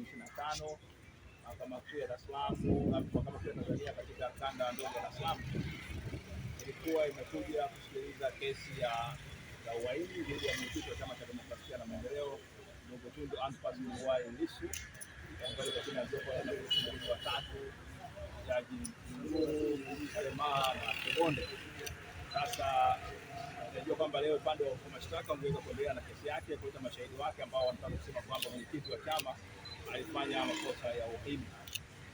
2025 Mahakama Kuu ya Dar es Salaam Mahakama Kuu ya Tanzania katika kanda ndogo ya Dar es Salaam ilikuwa imekuja kusikiliza kesi ya ya uhaini dhidi ya mwenyekiti wa Chama cha Demokrasia na Maendeleo ndugu Tundu Antipas Mughwai Lissu ambayo kwa jina jopo la majaji watatu Jaji Mnguru, Selemaa na Segonde sasa tunajua kwamba leo upande wa mashtaka ungeweza kuendelea na kesi yake kuleta mashahidi wake ambao wanataka kusema kwamba mwenyekiti wa chama alifanya makosa ya uhaini,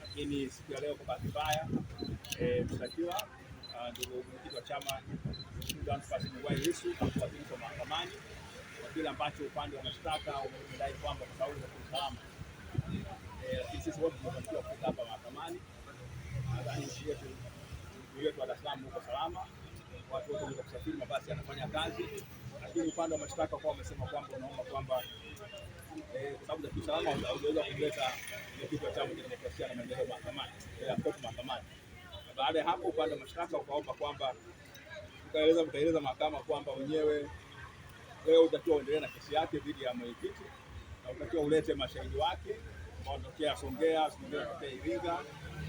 lakini siku ya leo kwa bahati mbaya e, mshtakiwa ah, ndugu mwenyekiti wa chama Boniface Mgwai Lissu hakuwasilishwa mahakamani kwa kile ambacho upande wa mashtaka umedai kwamba kwa sababu za kiusalama. Eh, lakini sisi wote tumefanikiwa kufika hapa mahakamani, nadhani nchi yetu yetu wa Dar es Salaam huko salama watu wote waweza kusafiri, mabasi yanafanya kazi. Lakini upande wa mashtaka kwa wamesema kwamba unaomba kwamba eh, sababu za kiusalama hujaweza kuleta kitu cha Chama cha Demokrasia na Maendeleo mahakamani mahakamani. Baada ya hapo, upande wa mashtaka ukaomba kwamba utaeleza mahakama kwamba wenyewe wewe utakiwa uendelee na kesi yake dhidi ya mwenyekiti na utakiwa ulete mashahidi wake wanatokea Songea, Songea, Iringa,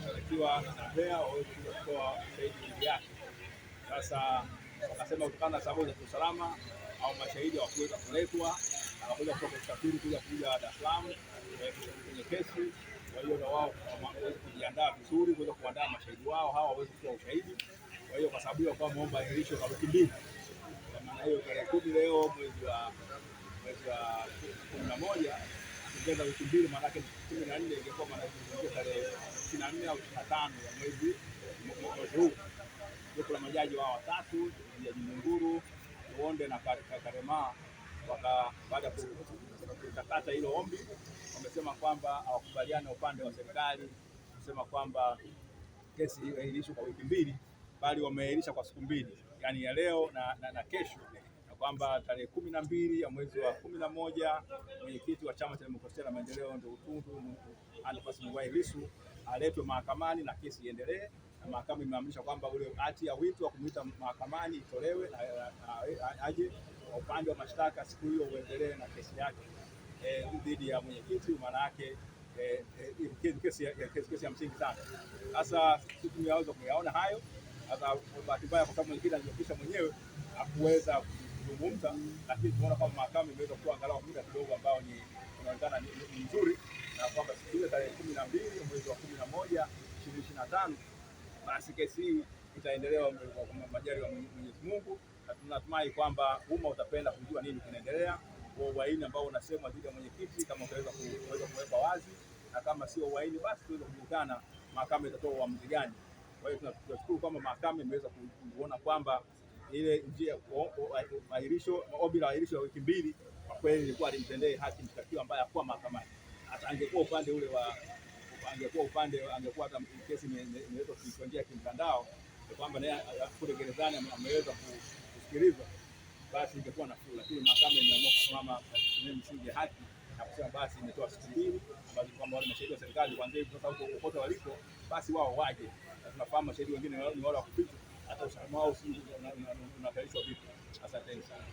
atakiwa na Mbeya waweze kutoa shahidi dhidi yake. Sasa wakasema kutokana na sababu za kiusalama au mashahidi hawakuweza kuletwa, hawakuweza kutoka usafiri kuja kuja Dar es Salaam eh, kwenye kesi. Kwa hiyo na wao waweze kujiandaa vizuri, kuweza kuandaa mashahidi wao hawa waweze kutoa ushahidi. Kwa hiyo kwa sababu hiyo kwa wameomba ahirisho kwa wiki mbili. Kwa maana hiyo tarehe kumi leo mwezi wa mwezi wa kumi na moja kuongeza wiki mbili, maanake kumi na nne ingekuwa maanake tarehe ishirini na nne au ishirini na tano ya mwezi huu. Jopo la majaji wao watatu, Jaji Munguru, Muonde na Karema, baada ya kutakata hilo ombi, wamesema kwamba hawakubaliana upande wa serikali kusema kwamba kesi hiyo iahirishwe kwa wiki mbili, bali wameahirisha kwa siku mbili, yaani ya leo na, na, na kesho kwamba tarehe kumi na mbili ya mwezi wa kumi na moja mwenyekiti wa Chama cha Demokrasia na Maendeleo ndugu Tundu Antipas Lissu aletwe mahakamani na kesi iendelee, na mahakama imeamrisha kwamba ule hati ya wito wa kumuita mahakamani itolewe na aje kwa upande wa mashtaka siku hiyo uendelee na kesi yake e, dhidi ya mwenyekiti. Maana yake e, e, kesi ya msingi sana. Sasa tumeweza kuyaona hayo, sasa bahati mbaya kwa sababu mwenyekiti alijipisha mwenyewe akuweza kuzungumza, lakini tunaona kwamba mahakama imeweza kuwa angalau muda kidogo ambao ni unaonekana ni mzuri, na kwamba siku ile tarehe kumi na mbili mwezi wa kumi na moja ishirini ishirini na tano basi kesi hii itaendelewa kwa wa Mwenyezi Mungu, na tunatumai kwamba umma utapenda kujua nini kinaendelea, uhaini ambao unasemwa dhidi ya mwenyekiti, kama utaweza kuwekwa wazi, na kama sio uhaini, basi tuweza kujulikana mahakama itatoa uamuzi gani. Kwa hiyo tunashukuru kwamba mahakama imeweza kuona kwamba ile njia mahirisho ombi la mahirisho ya wiki mbili, kwa kweli ilikuwa alimtendee haki mshtakiwa ambaye hakuwa mahakamani. Hata angekuwa upande ule wa angekuwa upande angekuwa hata kesi imeletwa kwa njia ya kimtandao, kwamba naye kule gerezani ameweza kusikilizwa, basi ingekuwa nafuu, lakini mahakama imeamua kusimama kwa msingi ya haki na kusema basi imetoa siku mbili ambazo kwamba wale mashahidi wa serikali kuanzia sasa huko kokote waliko, basi wao waje. Tunafahamu mashahidi wengine ni wale wa kuficha hata usalama wao unakalishwa vipi? Asanteni sana.